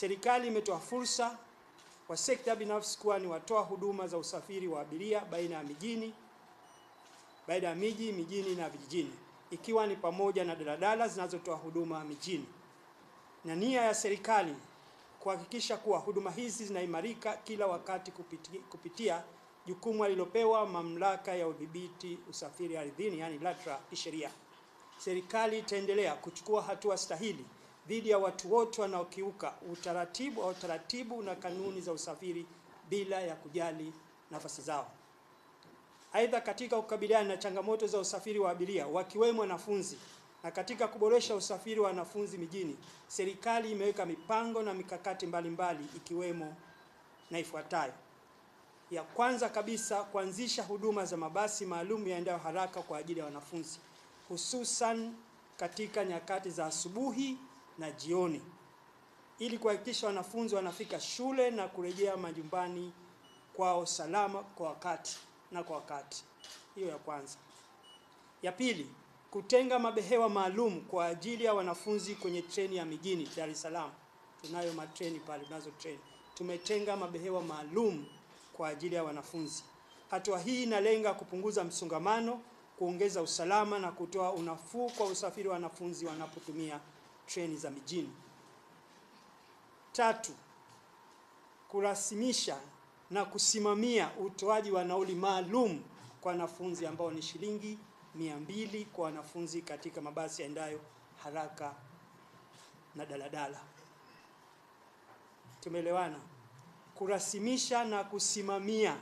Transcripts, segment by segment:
serikali imetoa fursa kwa sekta binafsi kuwa ni watoa huduma za usafiri wa abiria baina ya mijini baina ya miji mijini na vijijini, ikiwa ni pamoja na daladala zinazotoa huduma mijini, na nia ya serikali kuhakikisha kuwa huduma hizi zinaimarika kila wakati kupitia, kupitia jukumu alilopewa mamlaka ya udhibiti usafiri ardhini, yani LATRA kisheria. Serikali itaendelea kuchukua hatua stahili dhidi ya watu wote wanaokiuka utaratibu au taratibu na kanuni za usafiri bila ya kujali nafasi zao. Aidha, katika kukabiliana na changamoto za usafiri wa abiria wakiwemo wanafunzi na katika kuboresha usafiri wa wanafunzi mijini, serikali imeweka mipango na mikakati mbalimbali mbali, ikiwemo na ifuatayo. Ya kwanza kabisa, kuanzisha huduma za mabasi maalum yaendayo haraka kwa ajili ya wanafunzi hususan katika nyakati za asubuhi na jioni ili kuhakikisha wanafunzi wanafika shule na kurejea majumbani kwao salama kwa wakati na kwa wakati. Hiyo ya kwanza. Ya pili, kutenga mabehewa maalum kwa ajili ya wanafunzi kwenye treni ya mijini Dar es Salaam. Tunayo matreni pale, tunazo treni. Tumetenga mabehewa maalum kwa ajili ya wanafunzi. Hatua hii inalenga kupunguza msongamano, kuongeza usalama na kutoa unafuu kwa usafiri wa wanafunzi wanapotumia treni za mijini. Tatu, kurasimisha na kusimamia utoaji wa nauli maalum kwa wanafunzi ambao ni shilingi mia mbili kwa wanafunzi katika mabasi yaendayo haraka na daladala. Tumeelewana? Kurasimisha na kusimamia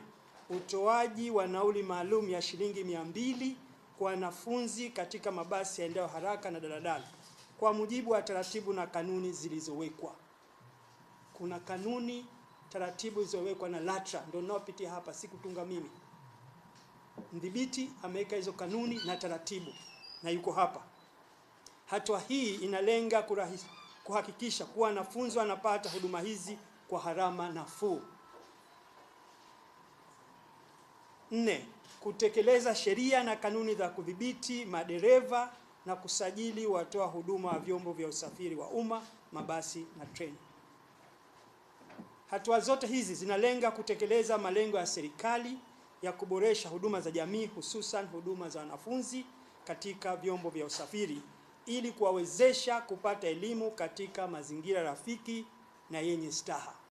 utoaji wa nauli maalum ya shilingi mia mbili kwa wanafunzi katika mabasi yaendayo haraka na daladala kwa mujibu wa taratibu na kanuni zilizowekwa. Kuna kanuni, taratibu zilizowekwa na LATRA, ndio ninaopitia hapa, sikutunga mimi. Mdhibiti ameweka hizo kanuni na taratibu na yuko hapa. Hatua hii inalenga kurahis, kuhakikisha kuwa wanafunzi wanapata huduma hizi kwa harama nafuu. Nne, kutekeleza sheria na kanuni za kudhibiti madereva na kusajili watoa huduma wa vyombo vya usafiri wa umma, mabasi na treni. Hatua zote hizi zinalenga kutekeleza malengo ya serikali ya kuboresha huduma za jamii, hususan huduma za wanafunzi katika vyombo vya usafiri ili kuwawezesha kupata elimu katika mazingira rafiki na yenye staha.